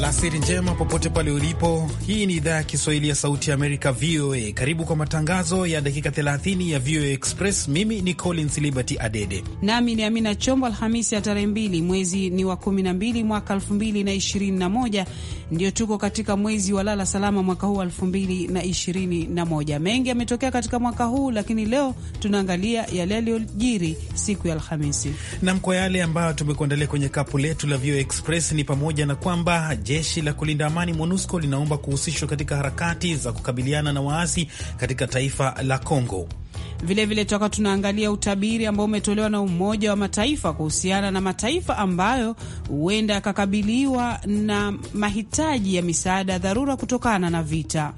Alasiri njema popote pale ulipo. Hii ni idhaa ya Kiswahili ya Sauti ya Amerika, VOA. Karibu kwa matangazo ya dakika 30 ya VOA Express. Mimi ni Collins Liberty Adede nami ni Amina Chombo. Alhamisi ya tarehe mbili mwezi ni wa 12 mwaka 2021, ndio tuko katika mwezi wa lala salama mwaka huu 2021. Mengi yametokea katika mwaka huu, lakini leo tunaangalia yale yaliyojiri siku ya Alhamisi. Nam, kwa yale ambayo tumekuandalia kwenye kapu letu la VOA Express ni pamoja na kwamba Jeshi la kulinda amani MONUSCO linaomba kuhusishwa katika harakati za kukabiliana na waasi katika taifa la congo Vilevile tutakuwa tunaangalia utabiri ambao umetolewa na Umoja wa Mataifa kuhusiana na mataifa ambayo huenda yakakabiliwa na mahitaji ya misaada ya dharura kutokana na vita.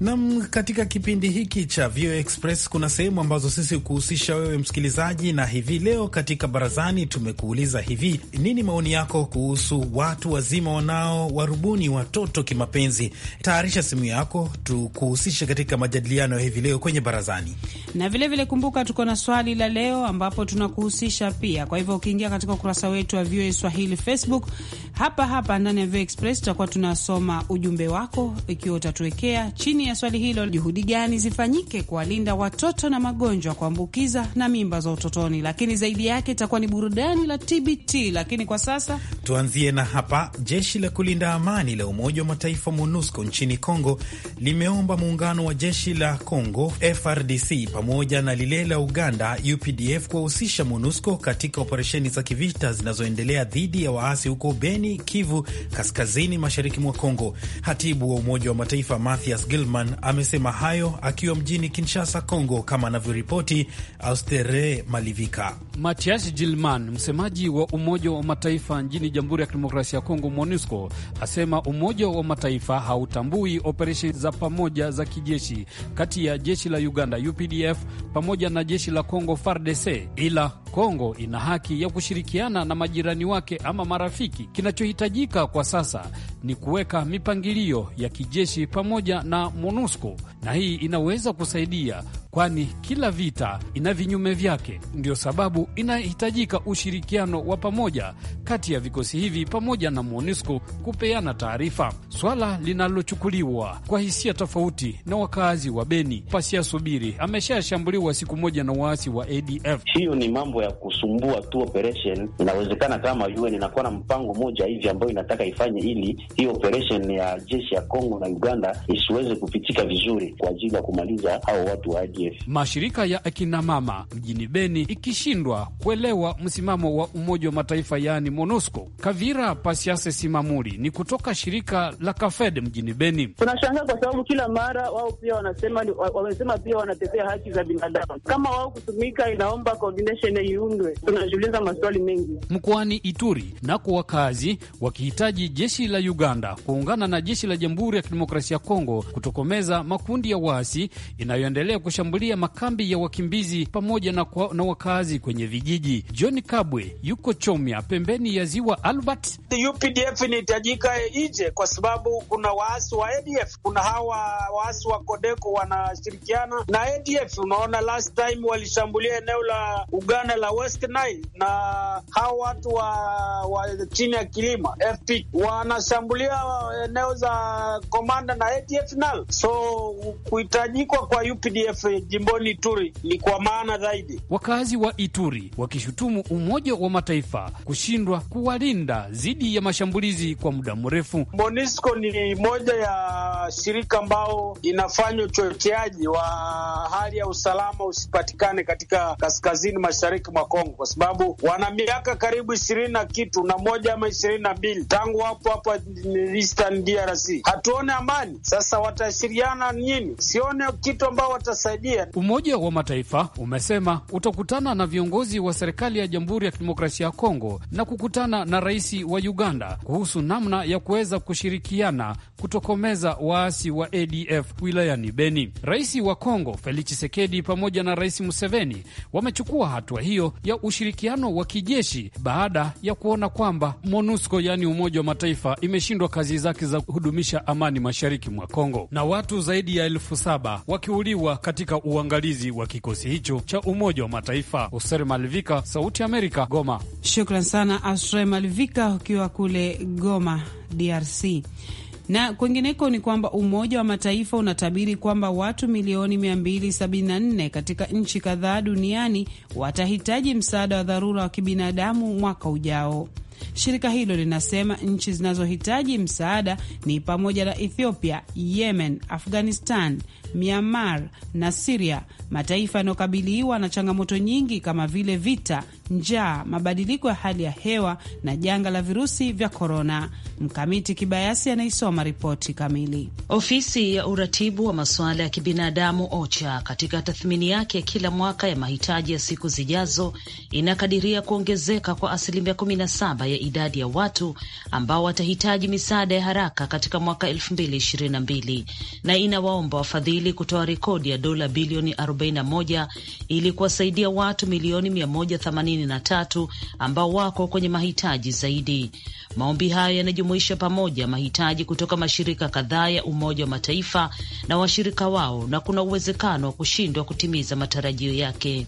Nam, katika kipindi hiki cha VOA Express kuna sehemu ambazo sisi kuhusisha wewe msikilizaji, na hivi leo katika barazani tumekuuliza hivi: nini maoni yako kuhusu watu wazima wanao warubuni watoto kimapenzi? Tayarisha simu yako tukuhusishe katika majadiliano ya hivi leo kwenye barazani na vile Vilevile kumbuka, tuko na swali la leo ambapo tunakuhusisha pia. Kwa hivyo ukiingia katika ukurasa wetu wa VOA Swahili Facebook, hapa hapa ndani ya VOA Express tutakuwa tunasoma ujumbe wako, ikiwa utatuwekea chini ya swali hilo, juhudi gani zifanyike kuwalinda watoto na magonjwa kuambukiza na mimba za utotoni. Lakini zaidi yake itakuwa ni burudani la TBT. Lakini kwa sasa tuanzie na hapa. Jeshi la kulinda amani la Umoja wa Mataifa MONUSCO nchini Kongo limeomba muungano wa jeshi la Kongo FRDC pamoja pamoja na lile la Uganda UPDF kuwahusisha MONUSCO katika operesheni za kivita zinazoendelea dhidi ya waasi huko Beni, Kivu Kaskazini, mashariki mwa Kongo. Hatibu wa Umoja wa Mataifa Mathias Gilman amesema hayo akiwa mjini Kinshasa, Kongo, kama anavyoripoti Austere Malivika. Mathias Gilman, msemaji wa Umoja wa Mataifa nchini Jamhuri ya Kidemokrasia ya Kongo, MONUSCO, asema Umoja wa Mataifa hautambui operesheni za pamoja za kijeshi kati ya jeshi la Uganda UPDF pamoja na jeshi la Kongo FARDC, ila Kongo ina haki ya kushirikiana na majirani wake ama marafiki. Kinachohitajika kwa sasa ni kuweka mipangilio ya kijeshi pamoja na MONUSCO, na hii inaweza kusaidia, kwani kila vita ina vinyume vyake. Ndio sababu inahitajika ushirikiano wa pamoja kati ya vikosi hivi pamoja na MONUSCO kupeana taarifa, swala linalochukuliwa kwa hisia tofauti na wakaazi wa Beni. Pasia Subiri ameshashambulia mshauri wa siku moja na waasi wa ADF. Hiyo ni mambo ya kusumbua tu operation. Inawezekana kama UN inakuwa na mpango moja hivi ambayo inataka ifanye ili hiyo operation ya jeshi ya Kongo na Uganda isiweze kupitika vizuri kwa ajili ya kumaliza hao watu wa ADF. Mashirika ya akina mama mjini Beni ikishindwa kuelewa msimamo wa Umoja wa Mataifa yaani MONUSCO. Kavira Pasiase Simamuri ni kutoka shirika la Kafed mjini Beni. Tunashangaa kwa sababu kila mara wao pia wanasema wamesema pia wanatetea haki za bin binadamu. Kama wao kutumika, inaomba coordination iundwe. Tunajiuliza maswali mengi mkoani Ituri nako wakazi wakihitaji jeshi la Uganda kuungana na jeshi la Jamhuri ya Kidemokrasia ya Kongo kutokomeza makundi ya waasi inayoendelea kushambulia makambi ya wakimbizi pamoja na, kwa, na wakazi kwenye vijiji. John Kabwe yuko Chomya pembeni ya ziwa Albert. UPDF inahitajika ije kwa sababu kuna waasi wa ADF, kuna hawa waasi wa Kodeko wanashirikiana na ADF, unaona Tunaona last time walishambulia eneo la Uganda la West Nile, na hao watu wa, wa chini ya kilima FP wanashambulia eneo za Komanda na ATF nal. so kuhitajikwa kwa UPDF jimboni Ituri ni kwa maana zaidi. Wakazi wa Ituri wakishutumu Umoja wa Mataifa kushindwa kuwalinda dhidi ya mashambulizi kwa muda mrefu. MONUSCO ni moja ya shirika ambao inafanya uchocheaji wa hali ya usalama usalama usipatikane katika kaskazini mashariki mwa Kongo, kwa sababu wana miaka karibu ishirini na kitu na moja ama ishirini na mbili tangu hapo hapa Eastern DRC, hatuone amani. Sasa watashiriana nini? Sione kitu ambao watasaidia. Umoja wa Mataifa umesema utakutana na viongozi wa serikali ya Jamhuri ya Kidemokrasia ya Kongo na kukutana na rais wa Uganda kuhusu namna ya kuweza kushirikiana kutokomeza waasi wa ADF wilayani Beni. Rais wa Kongo Felix Tshisekedi pamoja na Rais Museveni wamechukua hatua hiyo ya ushirikiano wa kijeshi baada ya kuona kwamba MONUSCO yaani Umoja wa Mataifa imeshindwa kazi zake za kuhudumisha amani mashariki mwa Kongo, na watu zaidi ya elfu saba wakiuliwa katika uangalizi wa kikosi hicho cha Umoja wa Mataifa. Oser Malvika, Sauti Amerika, Goma. Shukran sana Astre Malvika ukiwa kule Goma, DRC. Na kwingineko ni kwamba Umoja wa Mataifa unatabiri kwamba watu milioni 274 katika nchi kadhaa duniani watahitaji msaada wa dharura wa kibinadamu mwaka ujao. Shirika hilo linasema nchi zinazohitaji msaada ni pamoja na Ethiopia, Yemen, Afghanistan, Myanmar na Siria, mataifa yanayokabiliwa na changamoto nyingi kama vile vita, njaa, mabadiliko ya hali ya hewa na janga la virusi vya korona. Mkamiti Kibayasi anaisoma ripoti kamili. Ofisi ya uratibu wa masuala ya kibinadamu OCHA katika tathmini yake ya kila mwaka ya mahitaji ya siku zijazo inakadiria kuongezeka kwa asilimia 17 ya idadi ya watu ambao watahitaji misaada ya haraka katika mwaka 2022 na inawaomba wafadhili mbili kutoa rekodi ya dola bilioni 41 ili kuwasaidia watu milioni 183 ambao wako kwenye mahitaji zaidi. Maombi hayo yanajumuisha pamoja mahitaji kutoka mashirika kadhaa ya Umoja wa Mataifa na washirika wao, na kuna uwezekano wa kushindwa kutimiza matarajio yake.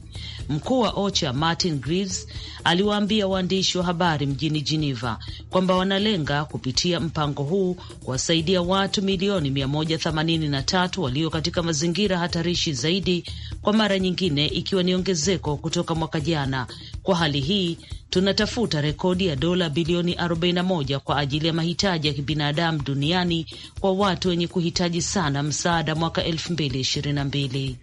Mkuu wa OCHA Martin Grives aliwaambia waandishi wa habari mjini Geneva kwamba wanalenga kupitia mpango huu kuwasaidia watu milioni 183 walio katika mazingira hatarishi zaidi, kwa mara nyingine ikiwa ni ongezeko kutoka mwaka jana. Kwa hali hii tunatafuta rekodi ya dola bilioni 41 kwa ajili ya mahitaji ya kibinadamu duniani kwa watu wenye kuhitaji sana msaada mwaka 2022.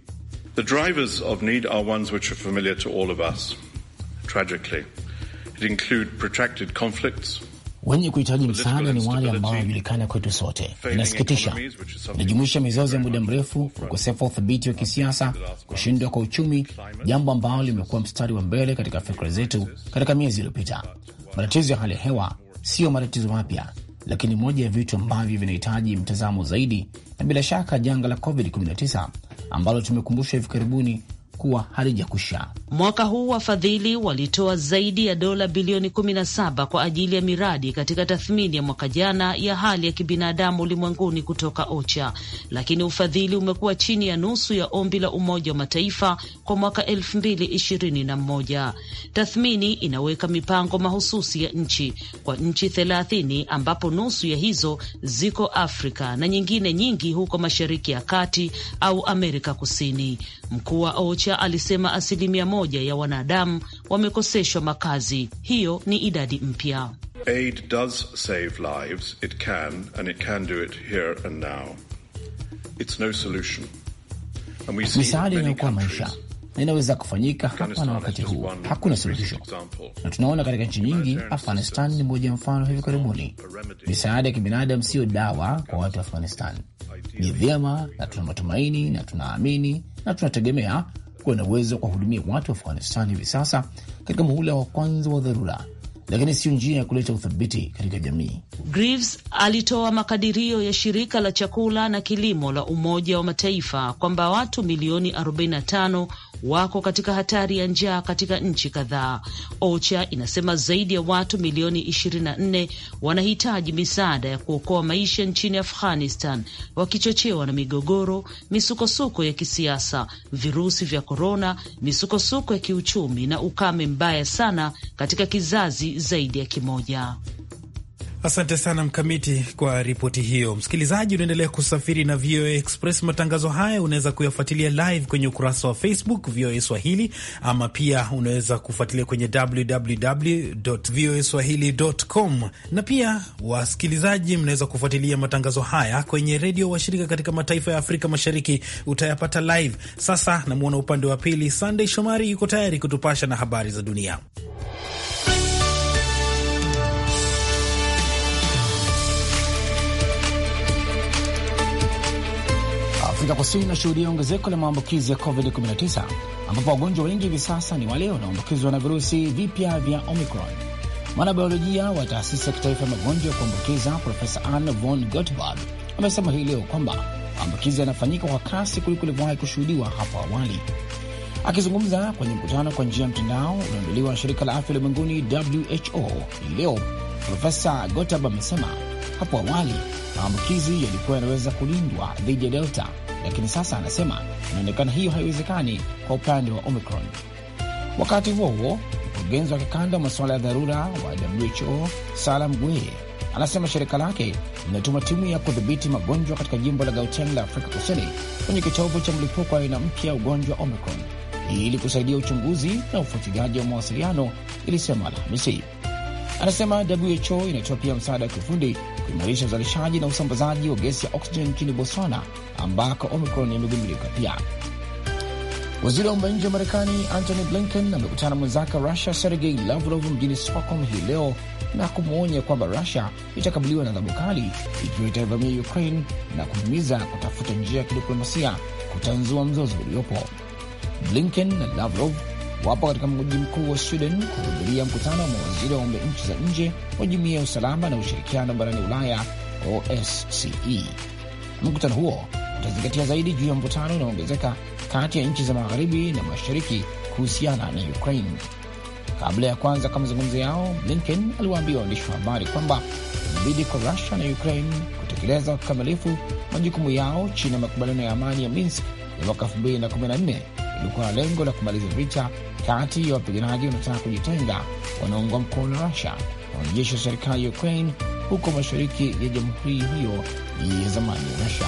The drivers of need are ones which are familiar to all of us. Tragically, it include protracted conflicts Wenye kuhitaji msaada ni wale ambao wanajulikana kwetu sote. Inasikitisha, inajumuisha mizozo ya muda mrefu, ukosefu wa uthabiti wa kisiasa, kushindwa kwa uchumi, jambo ambalo limekuwa mstari wa mbele katika fikra zetu katika miezi iliyopita. Matatizo ya hali ya hewa siyo matatizo mapya, lakini moja ya vitu ambavyo vinahitaji mtazamo zaidi, na bila shaka janga la COVID-19 ambalo tumekumbushwa hivi karibuni kuwa halijakwisha. Mwaka huu wafadhili walitoa zaidi ya dola bilioni 17 kwa ajili ya miradi katika tathmini ya mwaka jana ya hali ya kibinadamu ulimwenguni kutoka OCHA, lakini ufadhili umekuwa chini ya nusu ya ombi la Umoja wa Mataifa kwa mwaka 2021. Tathmini inaweka mipango mahususi ya nchi kwa nchi 30 ambapo nusu ya hizo ziko Afrika na nyingine nyingi huko Mashariki ya Kati au Amerika Kusini. Mkuu wa OCHA alisema asilimia moja ya wanadamu wamekoseshwa makazi. Hiyo ni idadi mpya. Misaada inaokoa maisha na inaweza kufanyika hapa na wakati huu. Hakuna suluhisho, na tunaona katika nchi nyingi. Afghanistan ni moja mfano. Hivi karibuni, misaada ya kibinadamu siyo dawa kwa watu wa Afghanistan. Ni vyema na tuna matumaini na tunaamini na tunategemea kuwa na uwezo wa kuwahudumia watu wa Afghanistan hivi sasa katika muhula wa kwanza wa dharura lakini sio njia ya kuleta uthabiti katika jamii. Greaves alitoa makadirio ya shirika la chakula na kilimo la Umoja wa Mataifa kwamba watu milioni 45 wako katika hatari ya njaa katika nchi kadhaa. OCHA inasema zaidi ya watu milioni 24 wanahitaji misaada ya kuokoa maisha nchini Afghanistan, wakichochewa na migogoro, misukosuko ya kisiasa, virusi vya korona, misukosuko ya kiuchumi na ukame mbaya sana katika kizazi zaidi ya kimoja. Asante sana Mkamiti kwa ripoti hiyo. Msikilizaji, unaendelea kusafiri na VOA Express. Matangazo haya unaweza kuyafuatilia live kwenye ukurasa wa Facebook VOA Swahili, ama pia unaweza kufuatilia kwenye www voa swahili.com, na pia wasikilizaji, mnaweza kufuatilia matangazo haya kwenye redio washirika katika mataifa ya Afrika Mashariki, utayapata live. Sasa namwona upande wa pili Sandey Shomari yuko tayari kutupasha na habari za dunia. Afrika Kusini inashuhudia ongezeko la maambukizi ya COVID-19 ambapo wagonjwa wengi hivi sasa ni wale wanaoambukizwa na virusi vipya vya Omicron. Mwanabiolojia wa taasisi ya kitaifa ya magonjwa ya kuambukiza Profesa Anne von Gotberg amesema hii leo kwamba maambukizi yanafanyika kwa kasi kuliko ilivyowahi kushuhudiwa hapo awali. Akizungumza kwenye mkutano kwa njia ya mtandao ulioandaliwa na shirika la afya ulimwenguni WHO hii leo, Profesa Gotab amesema hapo awali maambukizi yalikuwa yanaweza kulindwa dhidi ya Delta lakini sasa anasema inaonekana hiyo haiwezekani kwa upande wa Omicron. Wakati huo huo, mkurugenzi wa kikanda wa masuala ya dharura wa WHO salam Gwee anasema shirika lake linatuma timu ya kudhibiti magonjwa katika jimbo la Gauteng la Afrika Kusini kwenye kitovu cha mlipuko wa aina mpya ya ugonjwa Omicron ili kusaidia uchunguzi na ufuatiliaji wa mawasiliano, ilisema Alhamisi. Anasema WHO inatoa pia msaada wa kiufundi kuimarisha uzalishaji na usambazaji wa gesi ya oksijeni nchini Botswana ambako Omicron imegundulika pia. Waziri wa mambo ya nje wa Marekani Antony Blinken amekutana mwenzake mwenzake Rusia Sergei Lavrov mjini Stockholm hii leo na kumwonya kwamba Rusia itakabiliwa na adhabu kali ikiwa itaivamia Ukraine na kuhimiza kutafuta njia ya kidiplomasia kutanzua mzozo uliopo. Blinken na Lavrov wapo katika mji mkuu wa Sweden kuhudhuria mkutano wa mawaziri wa mambo ya nchi za nje wa jumuiya ya usalama na ushirikiano barani Ulaya, OSCE. Mkutano huo utazingatia zaidi juu ya mvutano unaoongezeka kati ya nchi za magharibi na mashariki kuhusiana na Ukraine. Kabla ya kwanza kwa mazungumzo yao, Blinken aliwaambia waandishi wa habari kwamba inabidi kwa Rusia na Ukraine kutekeleza kikamilifu majukumu yao chini ya makubaliano ya amani ya Minsk ya mwaka 2014 ilikuwa na lengo la kumaliza vita kati ya wapiganaji wanaotaka kujitenga wanaungwa mkono na Rusia na wanajeshi wa serikali ya Ukraine huko mashariki ya jamhuri hiyo ya zamani ya Rusia.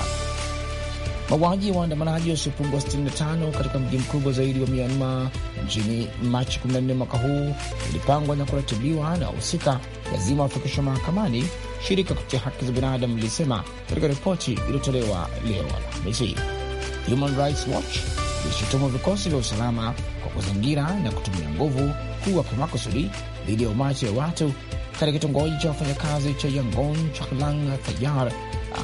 Mauaji ya waandamanaji wasiopungua 65 katika mji mkubwa zaidi wa Myanmar nchini Machi 14 mwaka huu ilipangwa na kuratibiwa na wahusika lazima wafikishwa mahakamani, shirika kutetea haki za binadamu lilisema katika ripoti iliyotolewa leo Alhamisi. Human Rights Watch ilishutumu vikosi vya usalama kwa kuzingira na kutumia nguvu kuwa kwa makusudi dhidi ya umati wa watu katika kitongoji cha wafanyakazi cha Yangon Chaklang Thayar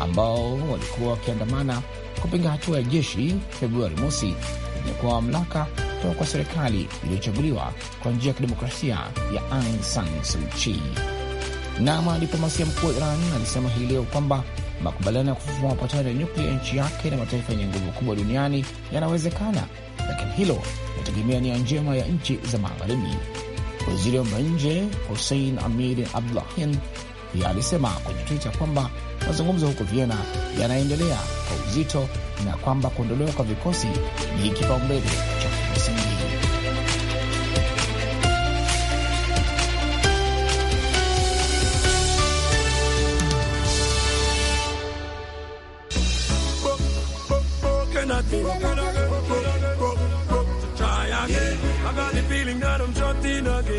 ambao walikuwa wakiandamana kupinga hatua ya jeshi Februari mosi imekuwa mamlaka kutoka kwa serikali iliyochaguliwa kwa njia ya kidemokrasia ya Aung San Suu Kyi. Na mwanadiplomasia mkuu wa Iran alisema hii leo kwamba makubaliano ya kufufua mapatano ya nyuklia nchi yake na mataifa yenye nguvu kubwa duniani yanawezekana, lakini hilo inategemea nia njema ya nchi za magharibi. Waziri wa mambo ya nje Hussein Amir Abdulahian pia alisema kwenye Twitter kwamba mazungumzo huko Vienna yanaendelea kwa uzito na kwamba kuondolewa kwa vikosi ni kipaumbele cha Nugget.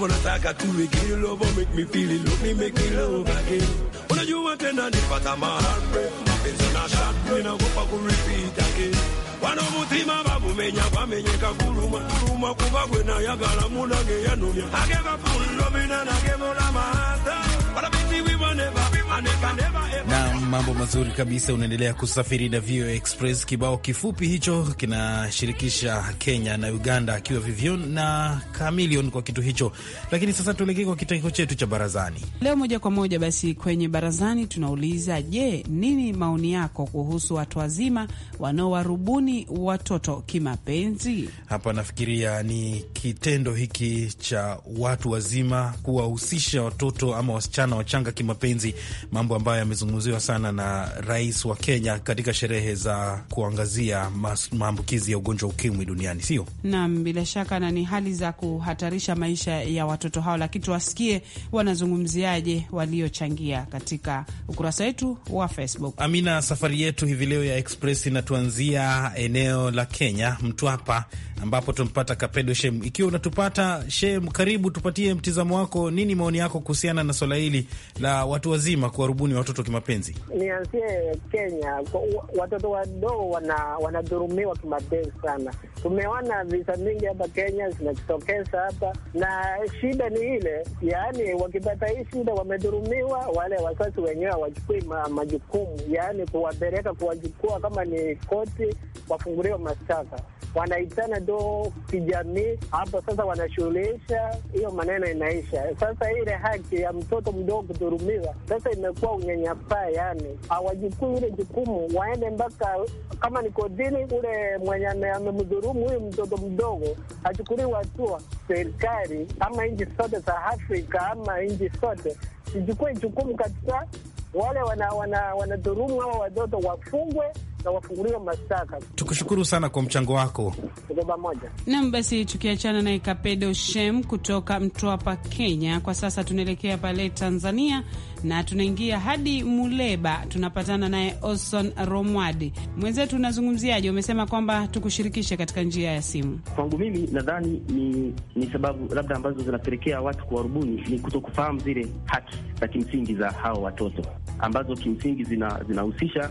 wanna talk a two week love over, make me feel it, love me, make me love again. When you want to know but I'm a heartbreak, nothing's on a shot, me no go back and repeat again. Wano mutima bakumenya kwamenyeka kuluma kuluma kuba I yagala munange yanunya ageva But I nagevola we balabitiwi never. na mambo mazuri kabisa. Unaendelea kusafiri na VOA Express. Kibao kifupi hicho kinashirikisha Kenya na Uganda akiwa Vivion na Kamilion kwa kitu hicho, lakini sasa tuelekee kwa kitengo chetu cha barazani leo moja kwa moja. Basi kwenye barazani tunauliza, je, nini maoni yako kuhusu watu wazima wanaowarubuni watoto kimapenzi? Hapa nafikiria ni kitendo hiki cha watu wazima kuwahusisha watoto ama wasichana wachanga kimapenzi mambo ambayo yamezungumziwa sana na rais wa Kenya katika sherehe za kuangazia maambukizi ya ugonjwa wa ukimwi duniani, sio nam Bila shaka, na ni hali za kuhatarisha maisha ya watoto hao, lakini tuwasikie wanazungumziaje waliochangia katika ukurasa wetu wa Facebook. Amina, safari yetu hivi leo ya Express inatuanzia eneo la Kenya, Mtwapa, ambapo tumpata Kapedo Shem. Ikiwa unatupata Shem, karibu tupatie mtizamo wako. Nini maoni yako kuhusiana na swala hili la watu wazima kuwarubuni watoto kimapenzi? Nianzie Kenya, watoto wadogo wanadhurumiwa wana kimapenzi sana. Tumeona visa mingi hapa Kenya zinajitokeza hapa, na shida ni ile yaani, wakipata hii shida wamedhurumiwa, wale wazazi wenyewe hawachukui majukumu yaani kuwapeleka kuwachukua, kama ni koti wafunguliwe mashtaka wanaitana do kijamii hapo. Sasa wanashughulisha hiyo maneno, inaisha sasa. Ile haki ya mtoto mdogo kudhurumiwa sasa imekuwa unyanyapaa, yani hawajukui ile jukumu, waende mpaka kama ni kodini, ule mwenye amemdhurumu huyu mtoto mdogo achukuliwe hatua. Serikali ama nchi zote za Afrika ama nchi zote zichukue jukumu katika wale wanadhurumu wana, wana hawa watoto wafungwe na mashtaka. Tukushukuru sana kwa mchango wako. nam. basi tukiachana na ikapedo Shem kutoka Mtwapa, Kenya. Kwa sasa tunaelekea pale Tanzania na tunaingia hadi Muleba, tunapatana naye Oson Romwadi mwenzetu. Unazungumziaje? Umesema kwamba tukushirikishe katika njia ya simu. Kwangu mimi nadhani ni, ni sababu labda ambazo zinapelekea watu kuwarubuni ni kufahamu zile haki za kimsingi za hawa watoto ambazo kimsingi zinahusisha zina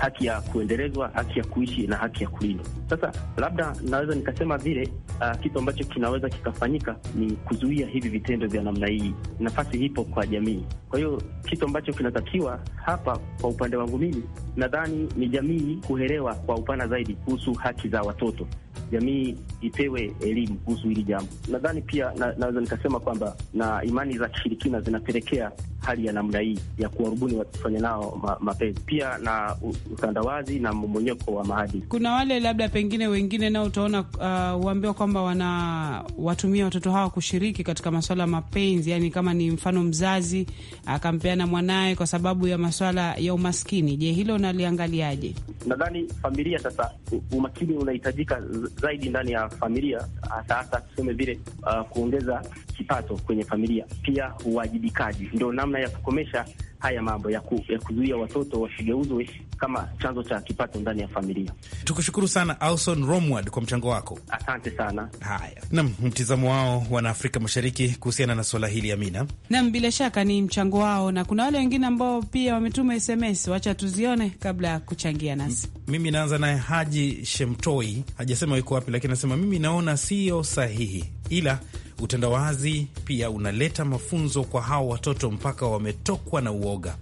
haki ya kuendelezwa, haki ya kuishi na haki ya kulindwa. Sasa labda naweza nikasema vile uh, kitu ambacho kinaweza kikafanyika ni kuzuia hivi vitendo vya namna hii. Nafasi hipo kwa jamii. Kwa hiyo kitu ambacho kinatakiwa hapa, kwa upande wangu mimi, nadhani ni jamii kuelewa kwa upana zaidi kuhusu haki za watoto jamii ipewe elimu kuhusu hili jambo. Nadhani pia na, naweza nikasema kwamba na imani za kishirikina zinapelekea hali ya namna hii ya kuwarubuni wakifanya nao ma, mapenzi, pia na utandawazi na mmonyeko wa maadili. Kuna wale labda pengine wengine nao utaona uh, uambiwa kwamba wanawatumia watoto hawa kushiriki katika maswala ya mapenzi, yani kama ni mfano mzazi akampeana mwanaye kwa sababu ya maswala ya umaskini. Je, hilo unaliangaliaje? Nadhani familia sasa umakini unahitajika zaidi ndani ya familia, hasa hasa tuseme vile uh, kuongeza kipato kwenye familia, pia uwajibikaji. Ndio namna ya kukomesha haya mambo ya, ku, ya kuzuia watoto wasigeuzwe kama chanzo cha kipato ndani ya familia. Tukushukuru sana Alson Romward kwa mchango wako, asante sana. Haya, nam mtizamo wao wana Afrika Mashariki kuhusiana na swala hili Amina. Nam, bila shaka ni mchango wao, na kuna wale wengine ambao pia wametuma SMS, wacha tuzione kabla ya kuchangia nasi. M, Mimi naanza naye Haji Shemtoi, hajasema yuko wapi, lakini anasema mimi naona siyo sahihi, ila Utandawazi pia unaleta mafunzo kwa hawa watoto mpaka wametokwa na uoga.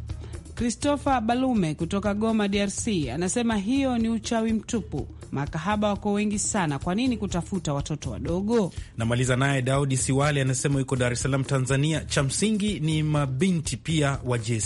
Christopher Balume kutoka Goma, DRC, anasema hiyo ni uchawi mtupu. Makahaba wako wengi sana, kwa nini kutafuta watoto wadogo? Namaliza naye Daudi Siwale anasema yuko Dar es Salaam, Tanzania, cha msingi ni mabinti pia wajie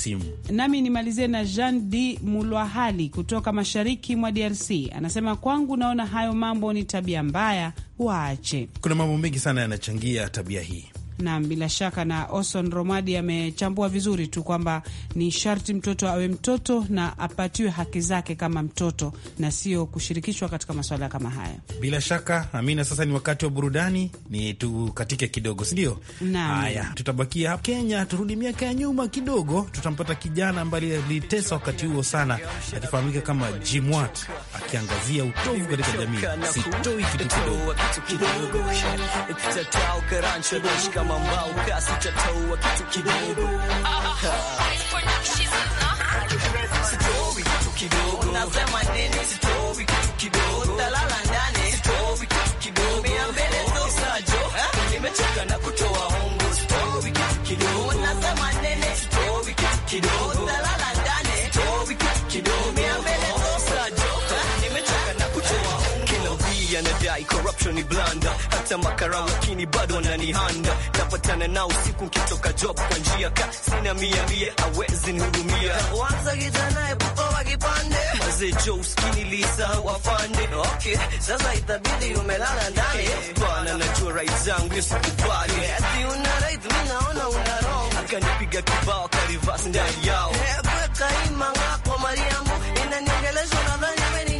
Nami nimalizie na Jean D Mulwahali kutoka mashariki mwa DRC, anasema kwangu, naona hayo mambo ni tabia mbaya, waache. Kuna mambo mengi sana yanachangia tabia hii. Naam, bila shaka na Oson Romadi amechambua vizuri tu kwamba ni sharti mtoto awe mtoto na apatiwe haki zake kama mtoto na sio kushirikishwa katika masuala kama haya. Bila shaka, Amina, sasa ni wakati wa burudani, ni tukatike kidogo, sindio? Haya, tutabakia Kenya, turudi miaka ya nyuma kidogo, tutampata kijana ambaye alitesa wakati huo sana, akifahamika kama Jimwat, akiangazia utovu katika jamii. Sitoi kitu kidogo kama mbao kasi chatoa kitu kidogo na kutoa hongo corruption ni blanda hata makarau, lakini bado wananihanda. Napatana nao usiku nkitoka job kwa njia ka sina mia mia, awezi nihudumia mazee jo uskini lisahau afande. Okay, sasa itabidi umelala ndani eh, bwana, najua right zangu sikubali, eh, ati una right, mi naona una wrong. Akanipiga kibao karivasi ndani yao eh, kweka imangako Mariamu inaniongelesha nadhani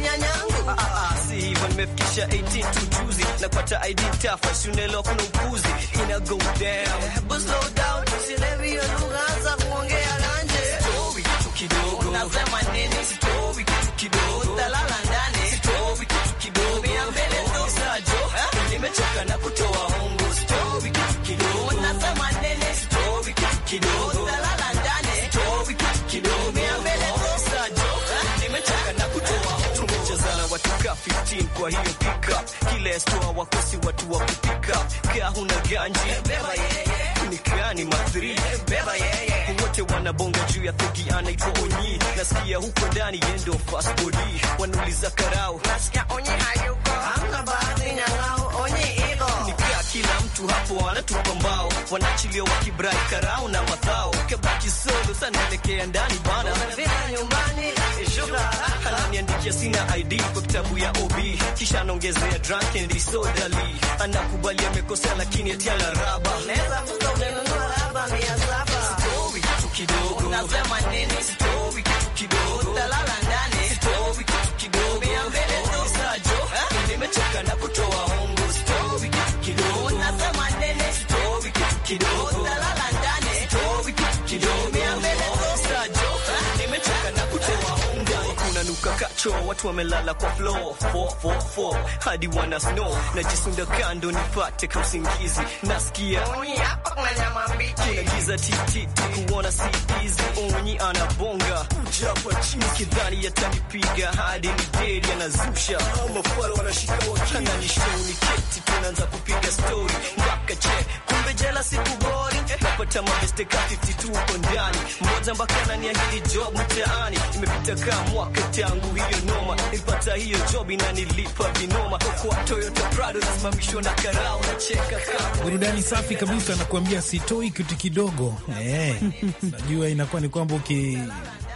si hivyo nimefikisha 18 tu juzi na pata ID tafa, si unaelewa kuna upuzi ina go down but slow down, usilewi hiyo lugha, anza kuongea lanje story kitu kidogo, unasema nini? Story kitu kidogo, talala ndani story kitu kidogo, niambele ndo sajo, eh? nimechoka na kutoa kwa hiyo pick up kile stoa wakosi watu wa pick up kia huna ganji beba yeye ni nikani mathiri beba yeye wote wanabonga juu ya thugi anaitwa Onyi nasikia huko ndani yendo fast body wanuliza karao nasikia Onyi hayuko hamna baadhi na nao Onyi kila mtu hapo wanatupa mbao, wanachilia wakibrai karau na mathao, kebaki solo sanaelekea ndani bana ananiandikia eh, sina ID kwa kitabu ya OB, kisha anaongezea drunk and disorderly anakubali amekosea, lakini atia la raba kidogo nimechoka na kutoa hongo Kakacho, watu wamelala kwa floor 444 hadi wana snow na jisunda kando nipate usingizi nasikia unyi hapa kuna nyama giza titi kuona sikizi unyi anabonga ujapa chini kidhani yatanipiga hadi nigeri anazusha mafala wanashika wakana nishouni keti tunaanza kupiga story stori che kumbe jela siku sikubori, napata mabesteka 52 uko ndani, mmoja ni ananiahidi job mtaani. Imepita kama mwaka tangu hiyo noma, ipata hiyo job ina nilipa vinoma, kwa Toyota Prado nasimamishwa na karao, nacheka kama burudani safi kabisa, nakuambia sitoi kitu kidogo eh, najua inakuwa ni kwamba uki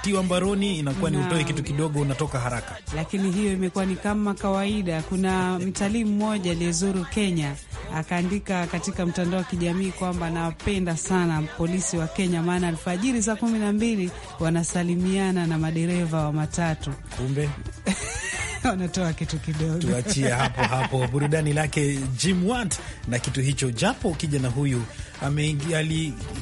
ukitiwa mbaroni inakuwa ni utoe kitu kidogo, unatoka haraka. Lakini hiyo imekuwa ni kama kawaida. Kuna mtalii mmoja aliyezuru Kenya akaandika katika mtandao wa kijamii kwamba anawapenda sana polisi wa Kenya, maana alfajiri saa kumi na mbili wanasalimiana na madereva wa matatu. Kumbe wanatoa kitu kidogo. Tuachie hapo hapo burudani lake Jim Watt na kitu hicho, japo ukija na huyu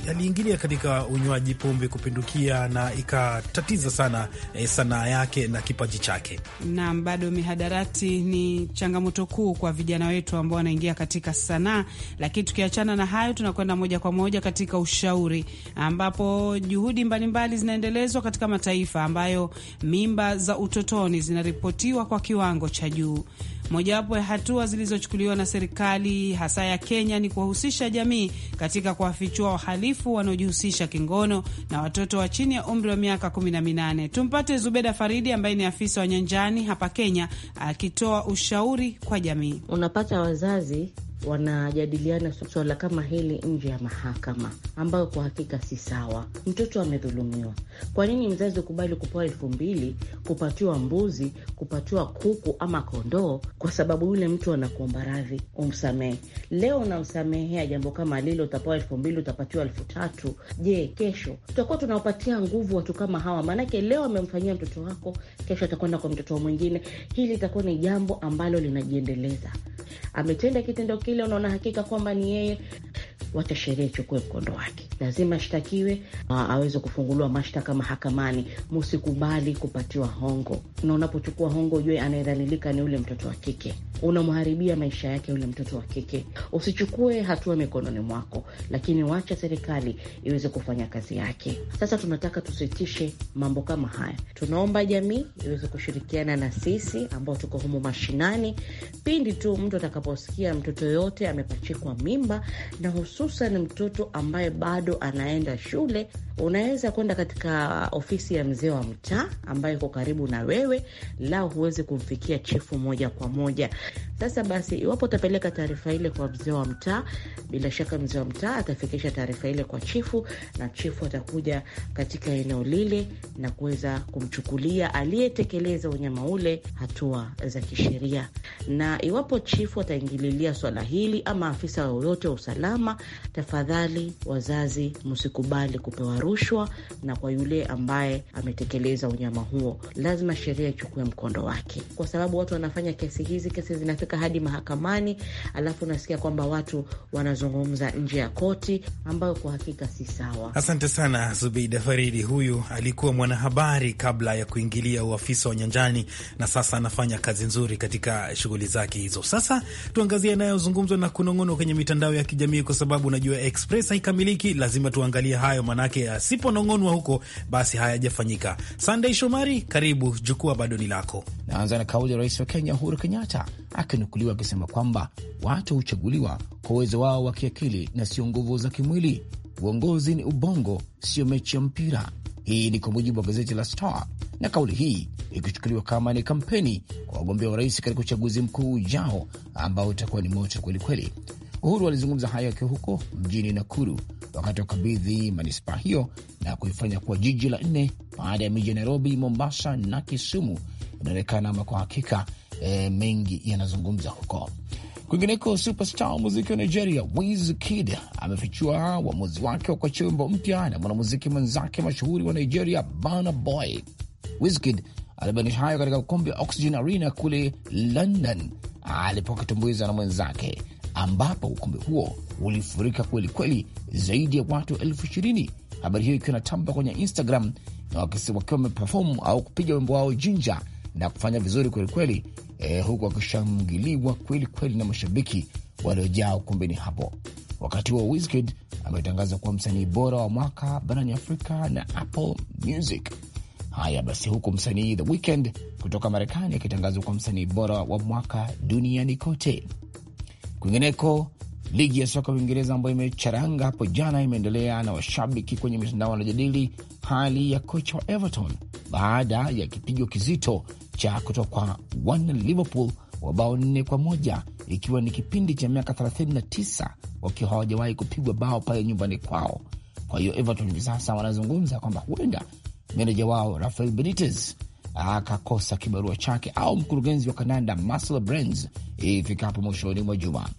aliingilia katika unywaji pombe kupindukia na ikatatiza sana e, sanaa yake na kipaji chake. Naam, bado mihadarati ni changamoto kuu kwa vijana wetu ambao wanaingia katika sanaa. Lakini tukiachana na hayo, tunakwenda moja kwa moja katika ushauri, ambapo juhudi mbalimbali zinaendelezwa katika mataifa ambayo mimba za utotoni zinaripotiwa kwa kiwango cha juu. Mojawapo ya hatua zilizochukuliwa na serikali hasa ya Kenya ni kuwahusisha jamii katika kuwafichua wahalifu wanaojihusisha kingono na watoto wa chini ya umri wa miaka na minane. Tumpate Zubeda Faridi ambaye ni afisa wa nyanjani hapa Kenya akitoa ushauri kwa jamii. Unapata wazazi wanajadiliana swala kama hili nje ya mahakama, ambayo kwa hakika si sawa. Mtoto amedhulumiwa. Kwa nini mzazi ukubali kupewa elfu mbili kupatiwa mbuzi, kupatiwa kuku ama kondoo, kwa sababu yule mtu anakuomba radhi umsamehe? Leo unamsamehea jambo kama lile, utapewa elfu mbili utapatiwa elfu tatu Je, kesho tutakuwa tunawapatia nguvu watu kama hawa? Maanake leo amemfanyia mtoto wako, kesho atakwenda kwa mtoto mwingine. Hili litakuwa ni jambo ambalo linajiendeleza ametenda kitendo kile, unaona hakika kwamba ni yeye wacha sheria ichukue mkondo wake. Lazima ashtakiwe, aweze kufunguliwa mashtaka mahakamani. Musikubali kupatiwa hongo, na unapochukua hongo ujue anayedhalilika ni ule mtoto wa kike, unamharibia maisha yake ule mtoto wa kike. Usichukue hatua mikononi mwako, lakini wacha serikali iweze kufanya kazi yake. Sasa tunataka tusitishe mambo kama haya, tunaomba jamii iweze kushirikiana na sisi ambao tuko humu mashinani, pindi tu mtu atakaposikia mtoto yote amepachikwa mimba na husu hususan mtoto ambaye bado anaenda shule, unaweza kwenda katika ofisi ya mzee wa mtaa ambaye iko karibu na wewe, lao huwezi kumfikia chifu moja kwa moja. Sasa basi, iwapo utapeleka taarifa ile kwa mzee wa mtaa, bila shaka mzee wa mtaa atafikisha taarifa ile kwa chifu, na chifu atakuja katika eneo lile na kuweza kumchukulia aliyetekeleza unyama ule hatua za kisheria. Na iwapo chifu ataingililia swala hili ama afisa yoyote wa usalama, Tafadhali wazazi, msikubali kupewa rushwa, na kwa yule ambaye ametekeleza unyama huo, lazima sheria ichukue mkondo wake, kwa sababu watu wanafanya kesi hizi, kesi zinafika hadi mahakamani, alafu unasikia kwamba watu wanazungumza nje ya koti, ambayo kwa hakika si sawa. Asante sana Zubeida Faridi. Huyu alikuwa mwanahabari kabla ya kuingilia uafisa wa nyanjani, na sasa anafanya kazi nzuri katika shughuli zake hizo. Sasa tuangazie anayozungumzwa na kunong'onwa kwenye mitandao ya kijamii kwa sababu sababu unajua express haikamiliki, lazima tuangalie hayo, manake asiponong'onwa huko basi hayajafanyika. Sunday Shomari, karibu, jukwaa bado ni lako. Naanza na kauli ya rais wa Kenya Uhuru Kenyatta akinukuliwa akisema kwamba watu huchaguliwa kwa uwezo wao wa kiakili na sio nguvu za kimwili. Uongozi ni ubongo, sio mechi ya mpira. Hii ni kwa mujibu wa gazeti la Star, na kauli hii ikichukuliwa kama ni kampeni kwa wagombea wa rais katika uchaguzi mkuu ujao ambao utakuwa ni moto kwelikweli. Uhuru alizungumza hayo akiwa huko mjini Nakuru wakati wa kabidhi manispaa hiyo na kuifanya kuwa jiji la nne baada ya miji ya Nairobi, Mombasa na Kisumu. Inaonekana ama kwa hakika e, mengi yanazungumza huko. Kwingineko, superstar wa muziki wa Nigeria Wizkid amefichua uamuzi wake wa kuachia wimbo mpya na mwanamuziki mwenzake mashuhuri wa Nigeria Burna Boy. Wizkid alibainisha hayo katika ukumbi wa Oxygen Arena kule London alipokitumbuiza na mwenzake ambapo ukumbi huo ulifurika kweli kweli, zaidi ya watu elfu ishirini. Habari hiyo ikiwa inatamba kwenye Instagram na wakiwa wameperform au kupiga wimbo wao Jinja na kufanya vizuri kweli kweli, eh, huku wakishangiliwa kweli kweli na mashabiki waliojaa ukumbini hapo. Wakati huo Wizkid ametangaza kuwa msanii bora wa mwaka barani Afrika na Apple Music. Haya basi, huku msanii The Weeknd kutoka Marekani akitangazwa kuwa msanii bora wa mwaka duniani kote. Kwingineko, ligi ya soka ya Uingereza ambayo imecharanga hapo jana imeendelea na washabiki kwenye mitandao wanajadili hali ya kocha wa Everton baada ya kipigo kizito cha kutoka wana Liverpool wa bao nne kwa moja ikiwa ni kipindi cha miaka 39 wakiwa hawajawahi kupigwa bao pale nyumbani kwao. Kwa hiyo Everton hivi sasa wanazungumza kwamba huenda meneja wao Rafael Benitez akakosa kibarua chake au mkurugenzi wa kananda Marcel Brands ifikapo mwishoni mwa juma.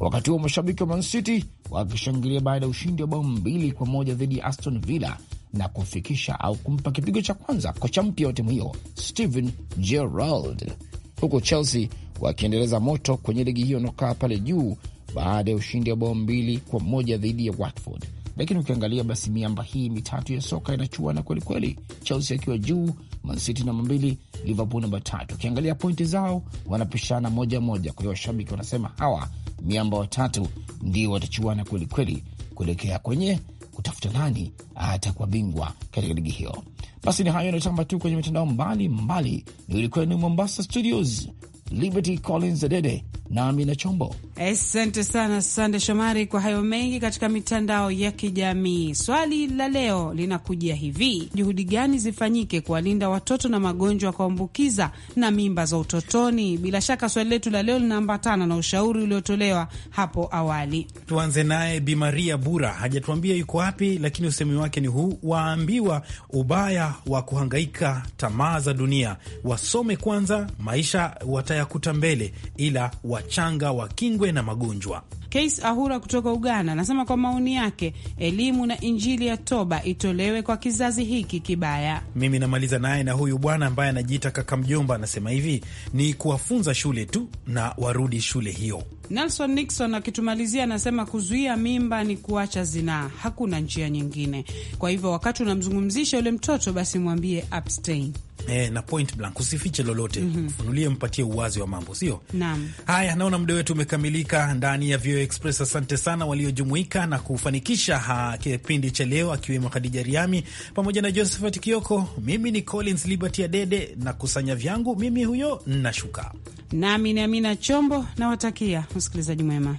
Wakati huo mashabiki wa Man City wakishangilia baada ya ushindi wa bao mbili kwa moja dhidi ya Aston Villa na kufikisha au kumpa kipigo cha kwanza kocha mpya wa timu hiyo Steven Gerrard, huku Chelsea wakiendeleza moto kwenye ligi hiyo nakaa pale juu baada ya ushindi wa bao mbili kwa moja dhidi ya Watford. Lakini ukiangalia basi miamba hii mitatu ya soka inachuana kwelikweli, Chelsea akiwa juu City namba mbili, Liverpool namba tatu. Ukiangalia pointi zao wanapishana moja moja, kwa hiyo washabiki wanasema hawa miamba watatu ndio watachuana kwelikweli kuelekea kwenye kutafuta nani atakuwa bingwa katika ligi hiyo. Basi ni hayo yanayotamba tu kwenye mitandao mbali mbali. Nilikuwa ni Mombasa Studios, Liberty Collins Adede na Amina Chombo. Asante sana Sande Shomari kwa hayo mengi katika mitandao ya kijamii. Swali la leo linakujia hivi: juhudi gani zifanyike kuwalinda watoto na magonjwa ya kuambukiza na mimba za utotoni? Bila shaka swali letu la leo linaambatana na ushauri uliotolewa hapo awali. Tuanze naye Bi Maria Bura, hajatuambia yuko wapi, lakini usemi wake ni huu: waambiwa ubaya wa kuhangaika, tamaa za dunia, wasome kwanza, maisha wataya kuta mbele ila wachanga wakingwe na magonjwa. Case Ahura kutoka Uganda anasema kwa maoni yake, elimu na injili ya toba itolewe kwa kizazi hiki kibaya. Mimi namaliza naye na huyu bwana ambaye anajiita kaka mjomba, anasema hivi ni kuwafunza shule tu na warudi shule hiyo. Nelson Nixon akitumalizia anasema kuzuia mimba ni kuacha zinaa, hakuna njia nyingine. Kwa hivyo wakati unamzungumzisha yule mtoto, basi mwambie abstain. E, na point blank usifiche lolote mm -hmm. Funulie, mpatie uwazi wa mambo, sio naam. Haya, naona muda wetu umekamilika ndani ya VOA Express. Asante sana waliojumuika na kufanikisha kipindi cha leo, akiwemo Khadija Riami pamoja na Josephat Kioko. Mimi ni Collins Liberty Adede na kusanya vyangu, mimi huyo nashuka, nami ni Amina Chombo, nawatakia usikilizaji mwema.